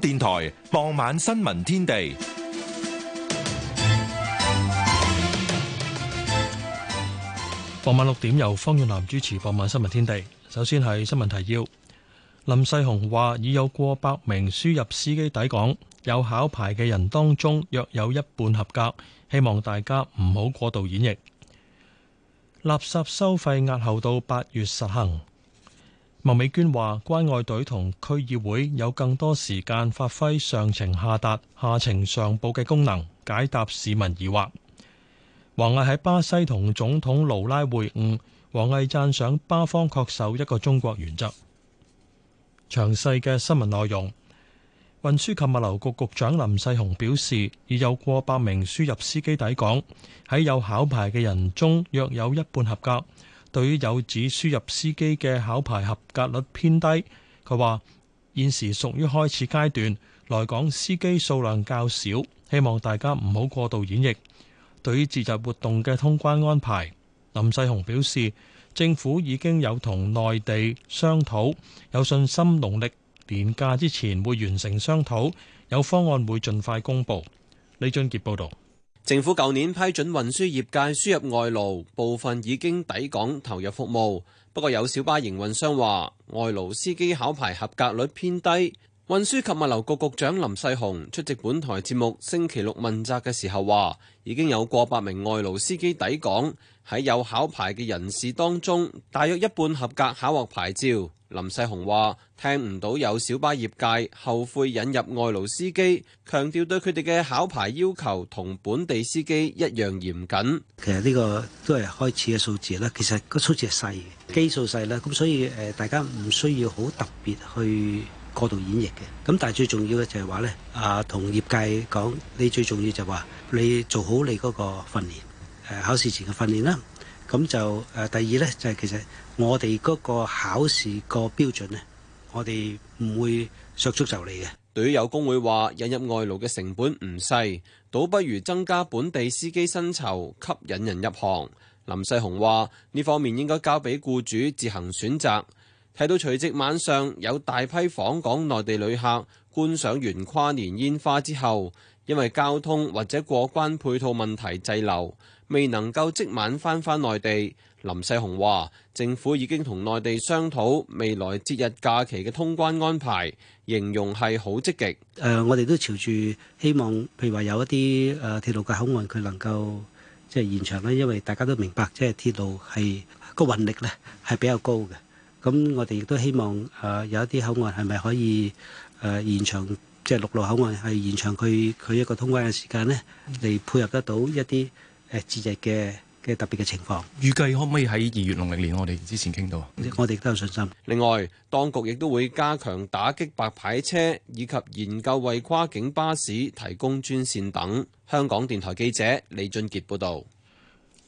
電台傍晚新聞天地，傍晚六點由方遠南主持。傍晚新聞天地，首先係新聞提要。林世雄話已有過百名輸入司機抵港，有考牌嘅人當中約有一半合格。希望大家唔好過度演繹。垃圾收費押後到八月實行。孟麥美娟話：關愛隊同區議會有更多時間發揮上情下達、下情上報嘅功能，解答市民疑惑。王毅喺巴西同總統盧拉會晤，王毅讚賞巴方恪守一個中國原則。詳細嘅新聞內容，運輸及物流局局長林世雄表示，已有過百名輸入司機抵港，喺有考牌嘅人中，約有一半合格。對於有指輸入司機嘅考牌合格率偏低，佢話現時屬於開始階段，來港司機數量較少，希望大家唔好過度演繹。對於節日活動嘅通關安排，林世雄表示政府已經有同內地商討，有信心農曆年假之前會完成商討，有方案會盡快公佈。李俊傑報導。政府舊年批准運輸業界輸入外勞，部分已經抵港投入服務。不過有小巴營運商話，外勞司機考牌合格率偏低。運輸及物流局局長林世雄出席本台節目《星期六問責》嘅時候話，已經有過百名外勞司機抵港，喺有考牌嘅人士當中，大約一半合格考獲牌照。林世雄話：聽唔到有小巴業界後悔引入外勞司機，強調對佢哋嘅考牌要求同本地司機一樣嚴謹。其實呢個都係開始嘅數字啦，其實個數字係細嘅，基數細啦，咁所以誒大家唔需要好特別去過度演繹嘅。咁但係最重要嘅就係話呢，啊同業界講，你最重要就話你做好你嗰個訓練，誒考試前嘅訓練啦。咁就第二呢，就係、是、其實我哋嗰個考試個標準呢，我哋唔會削足就嚟嘅。對於有工會話引入外勞嘅成本唔細，倒不如增加本地司機薪酬吸引人入行。林世雄話：呢方面應該交俾僱主自行選擇。睇到除夕晚上有大批訪港內地旅客觀賞完跨年煙花之後，因為交通或者過關配套問題滯留。未能夠即晚翻返內地，林世雄話：政府已經同內地商討未來節日假期嘅通關安排，形容係好積極、呃。誒，我哋都朝住希望，譬如話有一啲誒鐵路嘅口岸，佢能夠即係延長咧，因為大家都明白，即係鐵路係個運力咧係比較高嘅。咁我哋亦都希望誒、呃、有一啲口岸係咪可以延長，即係陸路口岸係延長佢佢一個通關嘅時間呢，嚟配合得到一啲。誒節日嘅嘅特別嘅情況，預計可唔可以喺二月農曆年我哋之前傾到？我哋都有信心。另外，當局亦都會加強打擊白牌車，以及研究為跨境巴士提供專線等。香港電台記者李俊傑報道。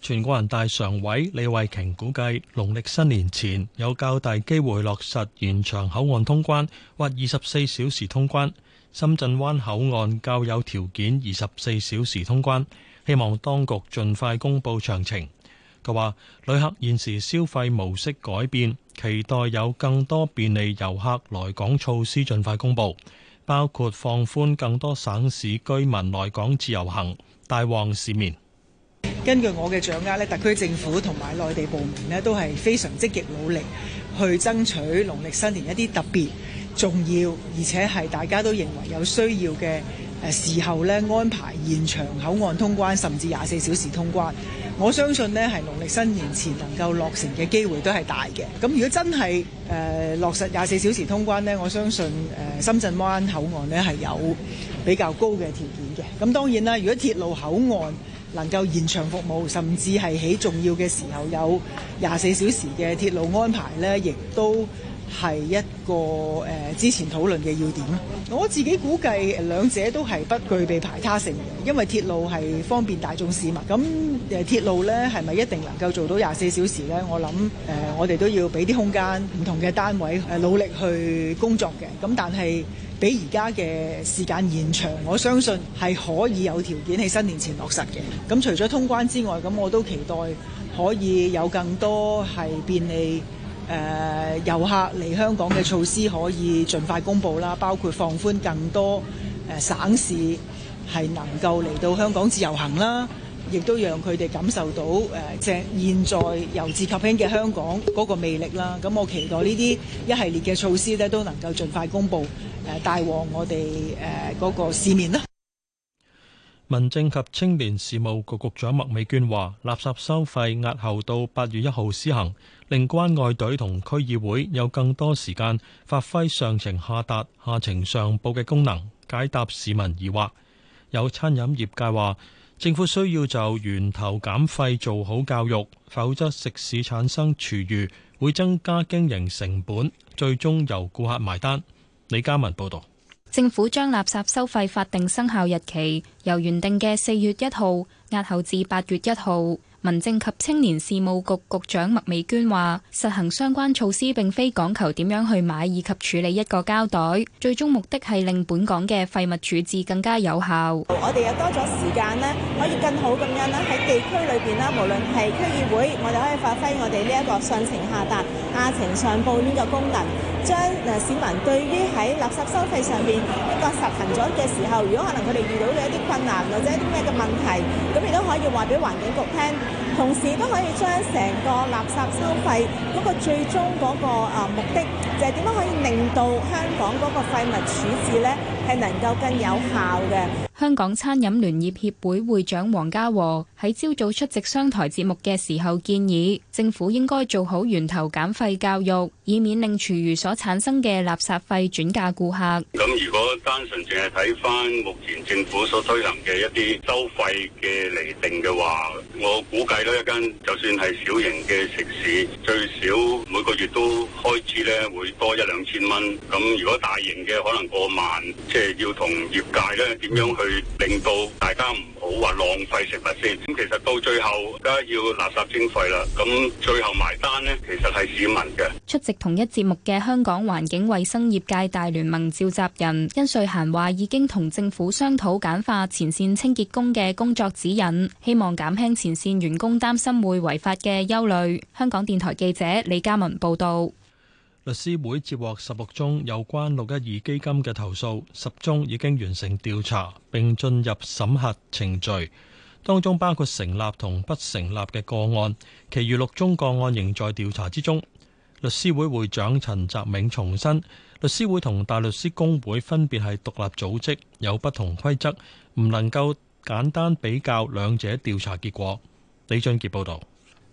全國人大常委李慧瓊估計，農曆新年前有較大機會落實延長口岸通關或二十四小時通關。深圳灣口岸較有條件二十四小時通關。希望當局盡快公布詳情。佢話旅客現時消費模式改變，期待有更多便利遊客來港措施盡快公布，包括放寬更多省市居民來港自由行，帶旺市面。根據我嘅掌握，呢特區政府同埋內地部門呢都係非常積極努力去爭取農曆新年一啲特別重要而且係大家都認為有需要嘅。誒時候咧安排延長口岸通關，甚至廿四小時通關。我相信呢係農曆新年前能夠落成嘅機會都係大嘅。咁如果真係誒、呃、落實廿四小時通關呢，我相信、呃、深圳灣口岸呢係有比較高嘅條件嘅。咁當然啦，如果鐵路口岸能夠延長服務，甚至係喺重要嘅時候有廿四小時嘅鐵路安排呢，亦都。係一個誒、呃、之前討論嘅要點。我自己估計兩者都係不具備排他性嘅，因為鐵路係方便大眾市民。咁誒鐵路呢係咪一定能夠做到廿四小時呢？我諗誒、呃、我哋都要俾啲空間唔同嘅單位、呃、努力去工作嘅。咁但係比而家嘅時間延長，我相信係可以有條件喺新年前落實嘅。咁除咗通關之外，咁我都期待可以有更多係便利。誒、呃、遊客嚟香港嘅措施可以盡快公布啦，包括放寬更多、呃、省市係能夠嚟到香港自由行啦，亦都讓佢哋感受到誒即係現在遊至吸睛嘅香港個個魅力啦。咁我期待呢啲一系列嘅措施咧都能夠盡快公布，誒帶旺我哋誒個個市面啦。民政及青年事務局局長麥美娟話：垃圾收費押後到八月一號施行，令關愛隊同區議會有更多時間發揮上情下達、下情上報嘅功能，解答市民疑惑。有餐飲業界話，政府需要就源頭減費做好教育，否則食肆產生廚餘會增加經營成本，最終由顧客埋單。李嘉文報道。政府將垃圾收費法定生效日期由原定嘅四月一號押後至八月一號。民政及青年事務局局局長麥美娟話，實行相關措施並非講求點樣去買以及處理一個膠袋，最終目的係令本港嘅廢物處置更加有效。我哋又多咗時間，可以更好咁樣喺地區裏面啦，無論係區議會，我哋可以發揮我哋呢一個上情下達、下情上報呢個功能。將誒市民對於喺垃圾收費上邊一個實行咗嘅時候，如果可能佢哋遇到嘅一啲困難或者一啲咩嘅問題，咁亦都可以話俾環境局聽，同時都可以將成個垃圾收費嗰個最終嗰個誒目的，就係點樣可以令到香港嗰個廢物處置咧，係能夠更有效嘅。香港餐飲聯業協會會長黃家和喺朝早出席商台節目嘅時候建議，政府應該做好源頭減廢教育，以免令廚餘所產生嘅垃圾費轉嫁顧客。咁如果單純淨係睇翻目前政府所推行嘅一啲收費嘅釐定嘅話，我估計咧一間就算係小型嘅食肆，最少每個月都開支咧會多一兩千蚊。咁如果大型嘅可能過萬，即係。要同業界呢，點樣去令到大家唔好話浪費食物先。咁其實到最後，梗係要垃圾徵費啦。咁最後埋單呢，其實係市民嘅。出席同一節目嘅香港環境衞生業界大聯盟召集人甄瑞賢話：已經同政府商討簡化前線清潔工嘅工作指引，希望減輕前線員工擔心會違法嘅憂慮。香港電台記者李嘉文報道。律師會接獲十六宗有關六一二基金嘅投訴，十宗已經完成調查並進入審核程序，當中包括成立同不成立嘅個案，其餘六宗個案仍在調查之中。律師會會長陳澤銘重申，律師會同大律師公會分別係獨立組織，有不同規則，唔能夠簡單比較兩者調查結果。李俊杰報道。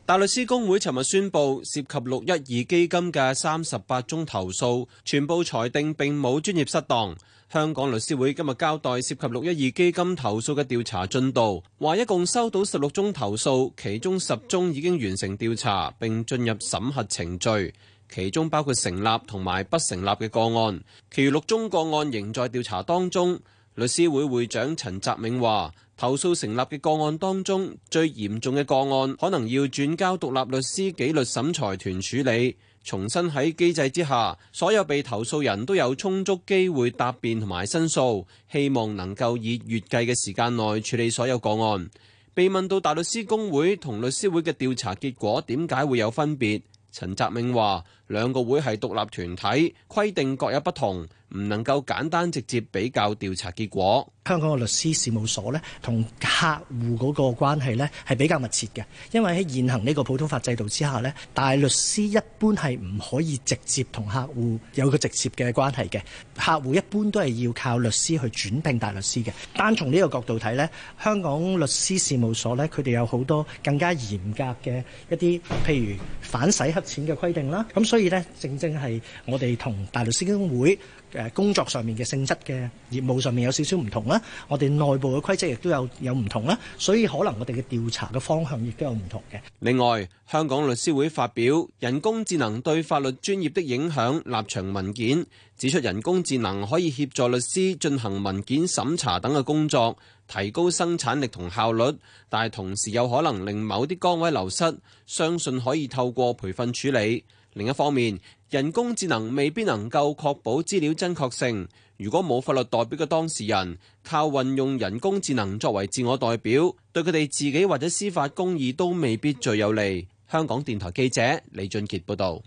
大律師公會尋日宣布，涉及六一二基金嘅三十八宗投訴，全部裁定並冇專業失當。香港律師會今日交代涉及六一二基金投訴嘅調查進度，話一共收到十六宗投訴，其中十宗已經完成調查，並進入審核程序，其中包括成立同埋不成立嘅個案，其餘六宗個案仍在調查當中。律師會會長陳澤銘話。投訴成立嘅個案當中最嚴重嘅個案，可能要轉交獨立律師紀律審裁團處理。重新喺機制之下，所有被投訴人都有充足機會答辯同埋申訴，希望能夠以月計嘅時間內處理所有個案。被問到大律師公會同律師會嘅調查結果點解會有分別，陳澤明話兩個會係獨立團體，規定各有不同，唔能夠簡單直接比較調查結果。香港嘅律師事務所咧，同客戶嗰個關係咧，係比較密切嘅，因為喺現行呢個普通法制度之下咧，大律師一般係唔可以直接同客戶有個直接嘅關係嘅，客戶一般都係要靠律師去轉聘大律師嘅。單從呢個角度睇咧，香港律師事務所咧，佢哋有好多更加嚴格嘅一啲，譬如反洗黑錢嘅規定啦。咁所以咧，正正係我哋同大律師公會誒工作上面嘅性質嘅業務上面有少少唔同啦。我哋內部嘅規則亦都有有唔同啦，所以可能我哋嘅調查嘅方向亦都有唔同嘅。另外，香港律師會發表人工智能對法律專業的影響立場文件，指出人工智能可以協助律師進行文件審查等嘅工作，提高生產力同效率，但係同時有可能令某啲崗位流失，相信可以透過培訓處理。另一方面，人工智能未必能夠確保資料真確性。如果冇法律代表嘅當事人，靠運用人工智能作為自我代表，對佢哋自己或者司法公義都未必最有利。香港電台記者李俊杰報道。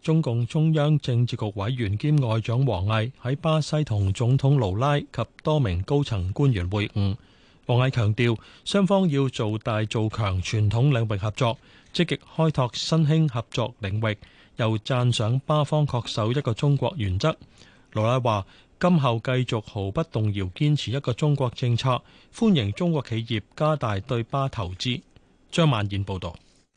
中共中央政治局委員兼外長王毅喺巴西同總統盧拉及多名高層官員會晤。王毅強調，雙方要做大做強傳統領域合作，積極開拓新興合作領域。又讚賞巴方恪守一個中國原則，盧拉話。今後繼續毫不動搖堅持一個中國政策，歡迎中國企業加大對巴投資。張曼燕報道。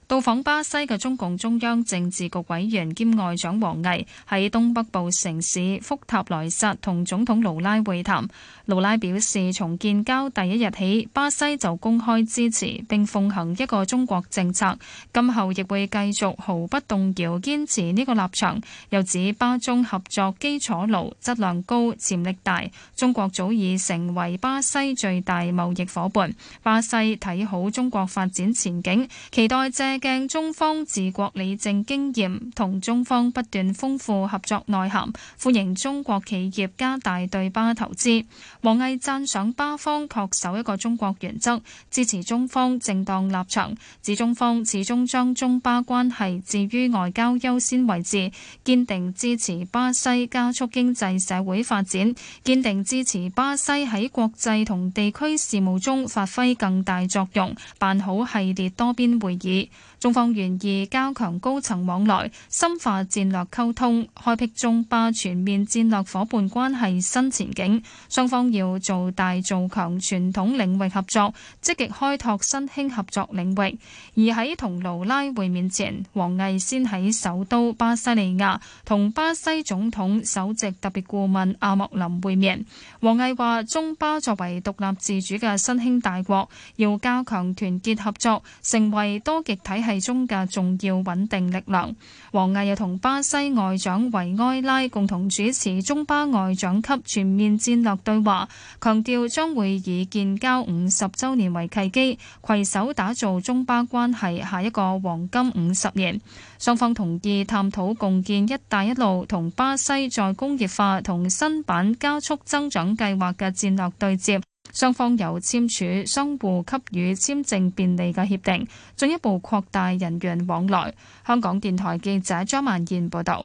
到訪巴西嘅中共中央政治局委員兼外長王毅喺東北部城市福塔萊薩同總統盧拉會談。盧拉表示，從建交第一日起，巴西就公開支持並奉行一個中國政策，今後亦會繼續毫不動搖堅持呢個立場。又指巴中合作基礎牢、質量高、潛力大，中國早已成為巴西最大貿易夥伴。巴西睇好中國發展前景，期待借鏡中方治國理政經驗，同中方不斷豐富合作內涵，歡迎中國企業加大對巴投資。王毅讚賞巴方恪守一個中國原則，支持中方正當立場，指中方始終將中巴關係置於外交優先位置，堅定支持巴西加速經濟社會發展，堅定支持巴西喺國際同地區事務中發揮更大作用，辦好系列多邊會議。中方願意加強高層往來，深化戰略溝通，開闢中巴全面戰略伙伴關係新前景。雙方要做大做強傳統領域合作，積極開拓新興合作領域。而喺同盧拉會面前，王毅先喺首都巴西利亞同巴西總統首席特別顧問阿莫林會面。王毅話：中巴作為獨立自主嘅新興大國，要加強團結合作，成為多極體系中嘅重要穩定力量。王毅又同巴西外長維埃拉共同主持中巴外長級全面戰略對話，強調將會以建交五十週年為契機，攜手打造中巴關係下一個黃金五十年。雙方同意探討共建「一帶一路」同巴西在工業化同新版加速增長計劃嘅戰略對接。雙方有簽署相互給予簽證便利嘅協定，進一步擴大人員往來。香港電台記者張萬燕報道。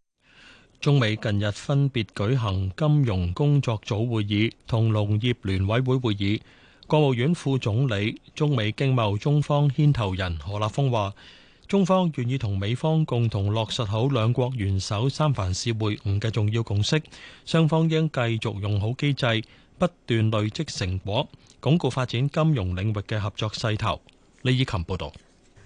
中美近日分別舉行金融工作組會議同農業聯委會會議。國務院副總理、中美經貿中方牽頭人何立峰話，中方願意同美方共同落實好兩國元首三藩市會晤嘅重要共識，雙方應繼續用好機制。不斷累積成果，鞏固發展金融領域嘅合作勢頭。李以琴報導。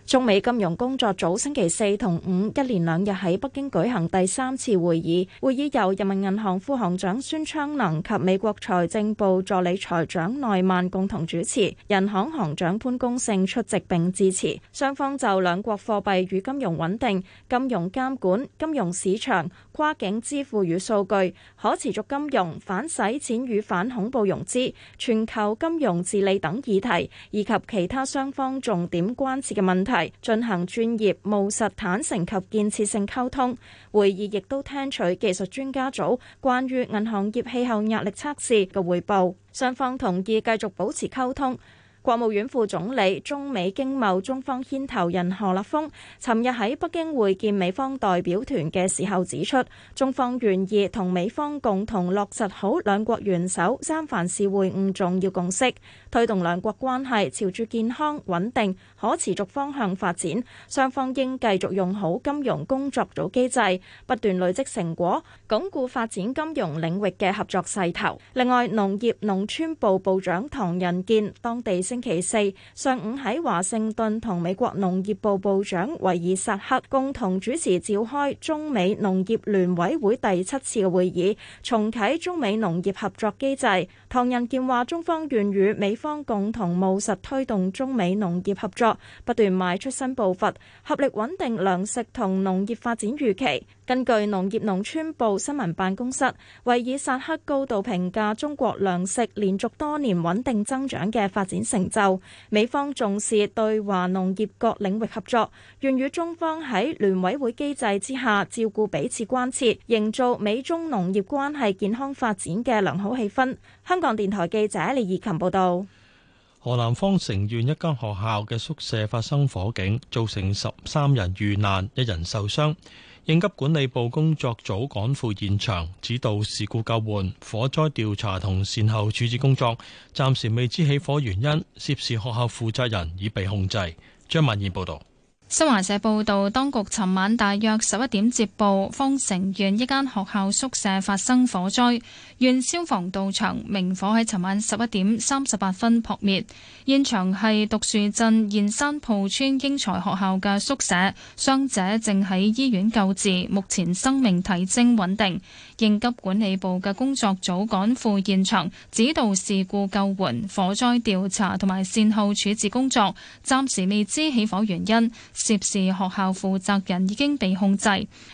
中美金融工作組星期四同五一連兩日喺北京舉行第三次會議，會議由人民銀行副行長孫昌能及美國財政部助理財長內曼共同主持，人行行長潘功勝出席並致辭。雙方就兩國貨幣與金融穩定、金融監管、金融市場、跨境支付與數據、可持續金融、反洗錢與反恐怖融資、全球金融治理等議題，以及其他雙方重點關切嘅問題，進行專業、務實、坦誠及建設性溝通。會議亦都聽取技術專家組關於銀行業氣候壓力測試嘅匯報，雙方同意繼續保持溝通。國務院副總理、中美經貿中方牽頭人何立峰，尋日喺北京會見美方代表團嘅時候指出，中方願意同美方共同落實好兩國元首三藩市會晤重要共識，推動兩國關係朝住健康、穩定、可持續方向發展。雙方應繼續用好金融工作組機制，不斷累積成果，鞏固發展金融領域嘅合作勢頭。另外，農業農村部部長唐仁健當地星期四上午喺華盛頓同美國農業部部長維爾薩克共同主持召開中美農業聯委會第七次嘅會議，重啟中美農業合作機制。唐仁健話：中方願與美方共同務實推動中美農業合作，不斷邁出新步伐，合力穩定糧食同農業發展預期。根據農業農村部新聞辦公室，維爾薩克高度評價中國糧食連續多年穩定增長嘅發展成就。美方重視對華農業各領域合作，願與中方喺聯委會機制之下照顧彼此關切，營造美中農業關係健康發展嘅良好氣氛。香港電台記者李義琴報道，河南方城縣一間學校嘅宿舍發生火警，造成十三人遇難，一人受傷。應急管理部工作組趕赴現場，指導事故救援、火災調查同善後處置工作。暫時未知起火原因，涉事學校負責人已被控制。張曼燕報道。新華社報道，當局尋晚大約十一點接報，方城縣一間學校宿舍發生火災。縣消防到場，明火喺尋晚十一點三十八分撲滅。現場係獨樹鎮燕山鋪村英才學校嘅宿舍，傷者正喺醫院救治，目前生命體徵穩定。應急管理部嘅工作組趕赴現場，指導事故救援、火災調查同埋善後處置工作。暫時未知起火原因。涉事學校負責人已經被控制。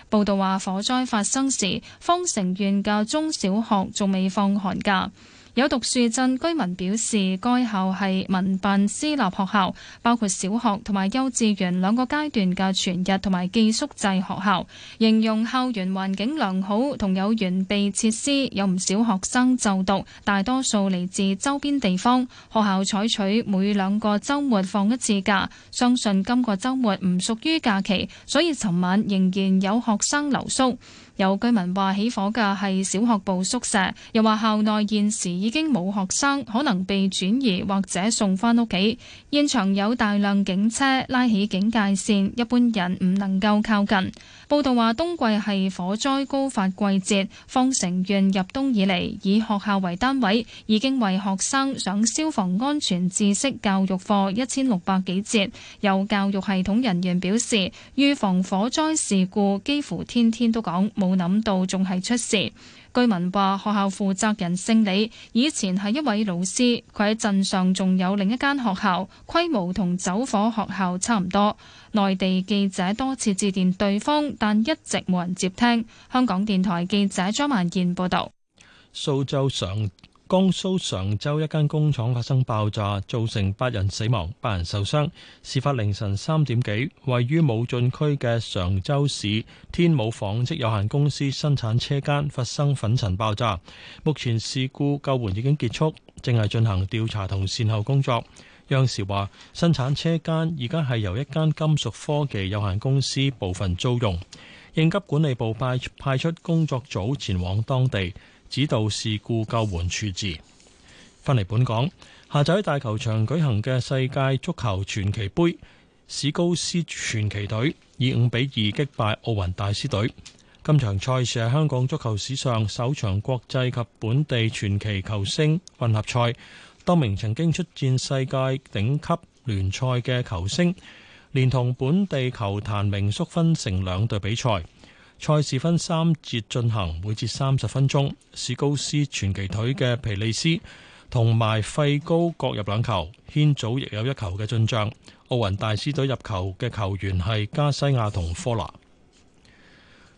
報道話，火災發生時，方城縣嘅中小學仲未放寒假。有獨樹鎮居民表示，該校係民辦私立學校，包括小學同埋幼稚園兩個階段嘅全日同埋寄宿制學校。形容校園環境良好，同有完備設施，有唔少學生就讀，大多數嚟自周邊地方。學校採取每兩個週末放一次假，相信今個週末唔屬於假期，所以尋晚仍然有學生留宿。有居民話起火嘅係小學部宿舍，又話校內現時已經冇學生，可能被轉移或者送返屋企。現場有大量警車拉起警戒線，一般人唔能夠靠近。報道話冬季係火災高發季節，方城縣入冬以嚟，以學校為單位已經為學生上消防安全知識教育課一千六百幾節。有教育系統人員表示，預防火災事故幾乎天天都講。冇諗到仲係出事。據聞話學校負責人姓李，以前係一位老師，佢喺鎮上仲有另一間學校，規模同走火學校差唔多。內地記者多次致電對方，但一直冇人接聽。香港電台記者張萬健報道。蘇州上江蘇常州一間工廠發生爆炸，造成八人死亡、八人受傷。事發凌晨三點幾，位於武進區嘅常州市天武紡織有限公司生產車間發生粉塵爆炸。目前事故救援已經結束，正係進行調查同善後工作。央視話，生產車間而家係由一間金屬科技有限公司部分租用。應急管理部派派出工作組前往當地。指導事故救援處置。返嚟本港，下晝喺大球場舉行嘅世界足球傳奇杯，史高斯傳奇隊以五比二擊敗奧運大師隊。今場賽事係香港足球史上首場國際及本地傳奇球星混合賽，多名曾經出戰世界頂級聯賽嘅球星，連同本地球壇名宿，分成兩隊比賽。賽事分三節進行，每節三十分鐘。史高斯傳奇隊嘅皮利斯同埋費高各入兩球，軒祖亦有一球嘅進賬。奧運大師隊入球嘅球員係加西亞同科拿。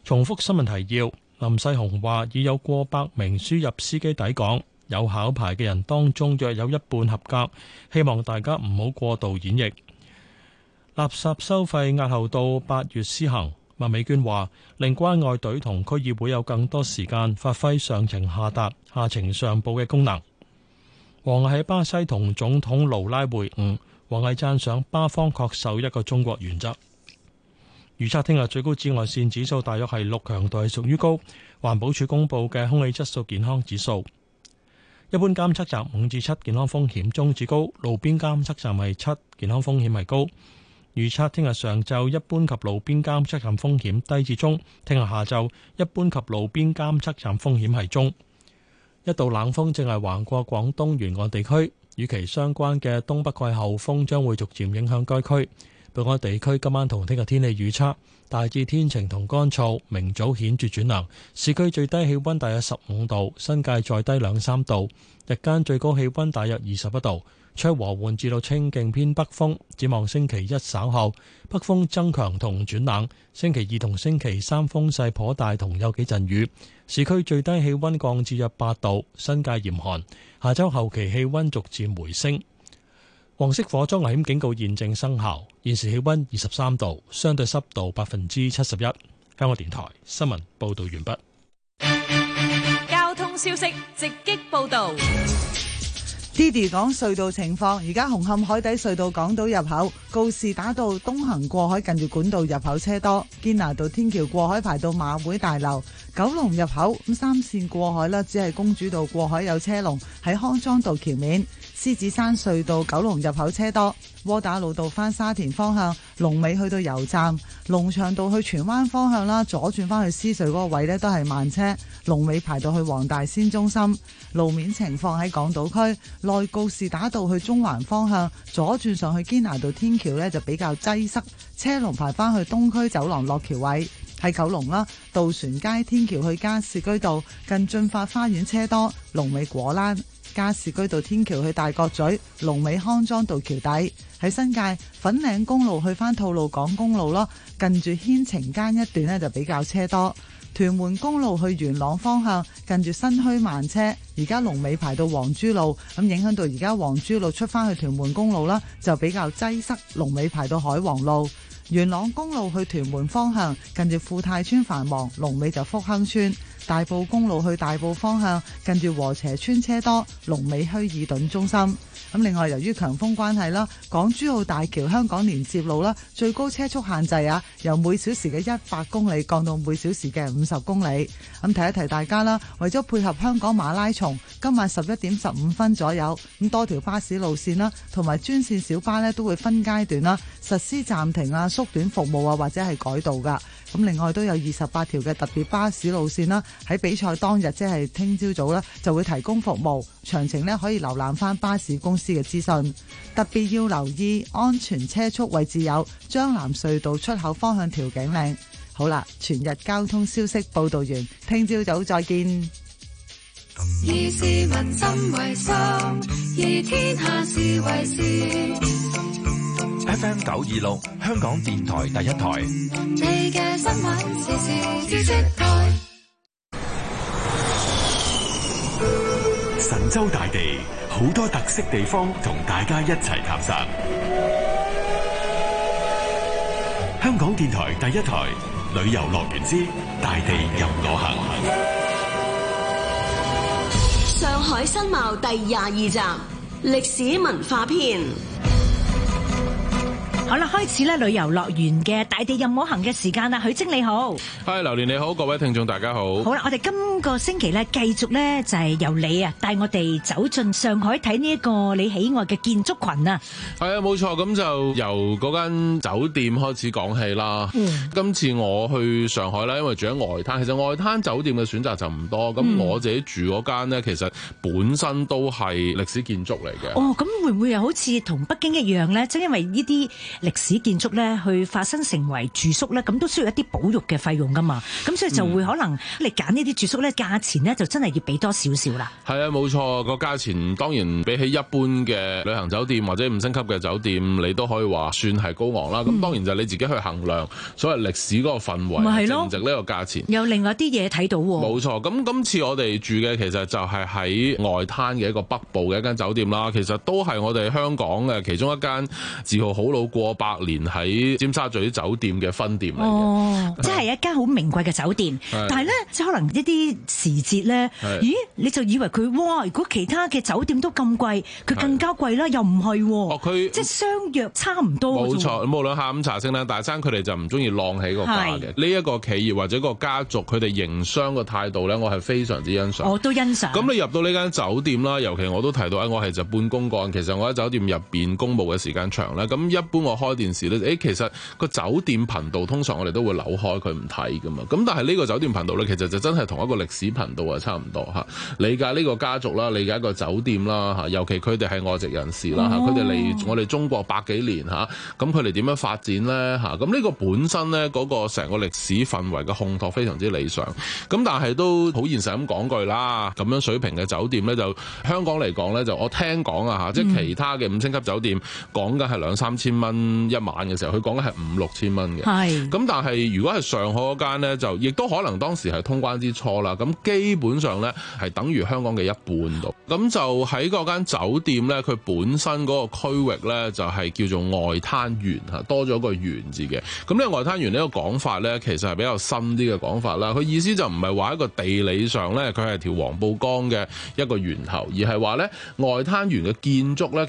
重複新聞提要：林世雄話，已有過百名輸入司機抵港，有考牌嘅人當中約有一半合格，希望大家唔好過度演繹。垃圾收費押後到八月施行。麥美娟話：令關愛隊同區議會有更多時間發揮上情下達、下情上報嘅功能。王毅喺巴西同總統盧拉會晤，王毅讚賞巴方確守一個中國原則。預測聽日最高紫外線指數大約係六強度，屬於高。環保署公布嘅空氣質素健康指數，一般監測站五至七健康風險中至高，路邊監測站係七健康風險係高。預測聽日上晝一般及路邊監測站風險低至中，聽日下晝一般及路邊監測站風險係中。一道冷鋒正係橫過廣東沿岸地區，與其相關嘅東北季候風將會逐漸影響該區。本港地區今晚同聽日天氣預測大致天晴同乾燥，明早顯著轉涼，市區最低氣溫大約十五度，新界再低兩三度，日間最高氣溫大約二十一度。吹和緩至到清勁偏北風，展望星期一稍後北風增強同轉冷，星期二同星期三風勢頗大同有幾陣雨，市區最低氣溫降至約八度，新界嚴寒。下周後期氣溫逐漸回升。黃色火災危險警告現正生效，現時氣溫二十三度，相對濕度百分之七十一。香港電台新聞報道完畢。交通消息直擊報道。Didi 講隧道情況，而家紅磡海底隧道港島入口告士打道東行過海近住管道入口車多，堅拿道天橋過海排到馬會大樓。九龍入口咁三綫過海啦，只係公主道過海有車龍喺康莊道橋面，獅子山隧道九龍入口車多，窩打老道翻沙田方向龍尾去到油站，龍翔道去荃灣方向啦，左轉翻去獅隧嗰個位呢都係慢車，龍尾排到去黃大仙中心，路面情況喺港島區內，告士打道去中環方向左轉上去堅拿道天橋呢就比較擠塞，車龍排翻去東區走廊落橋位。喺九龍啦，渡船街天橋去加士居道，近駿發花園車多；龍尾果欄，加士居道天橋去大角咀，龍尾康莊道橋底。喺新界，粉嶺公路去翻吐露港公路咯，近住軒晴街一段呢就比較車多。屯門公路去元朗方向，近住新墟慢車，而家龍尾排到黃珠路，咁影響到而家黃珠路出翻去屯門公路啦，就比較擠塞，龍尾排到海皇路。元朗公路去屯門方向，近住富泰村繁忙，龍尾就福亨村；大埔公路去大埔方向，近住和斜村車多，龍尾希爾頓中心。咁另外，由於強風關係啦，港珠澳大橋、香港連接路啦，最高車速限制啊，由每小時嘅一百公里降到每小時嘅五十公里。咁提一提大家啦，為咗配合香港馬拉松，今晚十一點十五分左右，咁多條巴士路線啦，同埋專線小巴呢，都會分階段啦，實施暫停啊。縮短服務啊，或者係改道噶。咁另外都有二十八條嘅特別巴士路線啦，喺比賽當日即係聽朝早呢就會提供服務。詳情呢可以瀏覽翻，巴士公司嘅資訊。特別要留意安全車速位置有張南隧道出口方向調景嶺。好啦，全日交通消息報道完，聽朝早再見。以市民心為心，以天下事為先。九二六，香港電台第一台。神州大地好多特色地方，同大家一齊探索。香港電台第一台旅遊樂園之大地任我行。上海新貌第廿二集，歷史文化篇。好啦，開始咧旅遊樂園嘅大地任我行嘅時間啦，許晶你好，係劉念你好，各位聽眾大家好。好啦，我哋今個星期咧繼續咧就係由你啊帶我哋走進上海睇呢一個你喜愛嘅建築群啊。係啊，冇錯，咁就由嗰間酒店開始講起啦。嗯，今次我去上海咧，因為住喺外灘，其實外灘酒店嘅選擇就唔多。咁我自己住嗰間咧，其實本身都係歷史建築嚟嘅。哦，咁會唔會又好似同北京一樣咧？即係因為呢啲。歷史建築咧，去化身成為住宿咧，咁都需要一啲保育嘅費用噶嘛，咁所以就會可能你揀呢啲住宿咧，價錢咧就真係要俾多少少啦。係啊，冇錯，個價錢當然比起一般嘅旅行酒店或者五星級嘅酒店，你都可以話算係高昂啦。咁、嗯、當然就你自己去衡量，所謂歷史嗰個氛圍、就是、值唔值呢個價錢。有另外一啲嘢睇到喎。冇錯，咁今次我哋住嘅其實就係喺外灘嘅一個北部嘅一間酒店啦，其實都係我哋香港嘅其中一間字號好老過過百年喺尖沙咀酒店嘅分店嚟嘅、哦，即係一間好名貴嘅酒店。但係咧，即可能一啲時節咧，咦？你就以為佢哇？如果其他嘅酒店都咁貴，佢更加貴啦？又唔係、啊？哦，佢即係相約差唔多。冇錯，無論下午茶、先啦，大餐，佢哋就唔中意浪起個價嘅。呢一、這個企業或者個家族，佢哋營商嘅態度咧，我係非常之欣賞。我都欣賞。咁你入到呢間酒店啦，尤其我都提到啊、哎，我係就半公幹，其實我喺酒店入邊公務嘅時間長啦，咁一般我。開電視咧，誒，其實個酒店頻道通常我哋都會扭開佢唔睇噶嘛。咁但係呢個酒店頻道咧，其實就真係同一個歷史頻道啊，差唔多吓。理解呢個家族啦，理解一個酒店啦吓，尤其佢哋係外籍人士啦吓，佢哋嚟我哋中國百幾年吓，咁佢哋點樣發展咧吓？咁、這、呢個本身咧嗰、那個成個歷史氛圍嘅烘托非常之理想。咁但係都好現實咁講句啦，咁樣水平嘅酒店咧，就香港嚟講咧，就我聽講啊吓，即係其他嘅五星級酒店講緊係兩三千蚊。嗯，一晚嘅時候，佢講嘅係五六千蚊嘅，係。咁但係如果係上海嗰間呢，就亦都可能當時係通關之初啦。咁基本上呢，係等於香港嘅一半度。咁就喺嗰間酒店呢，佢本身嗰個區域呢，就係、是、叫做外灘園啊，多咗個園字嘅。咁咧，外灘園呢個講法呢，其實係比較深啲嘅講法啦。佢意思就唔係話一個地理上呢，佢係條黃浦江嘅一個源頭，而係話呢，外灘園嘅建築呢。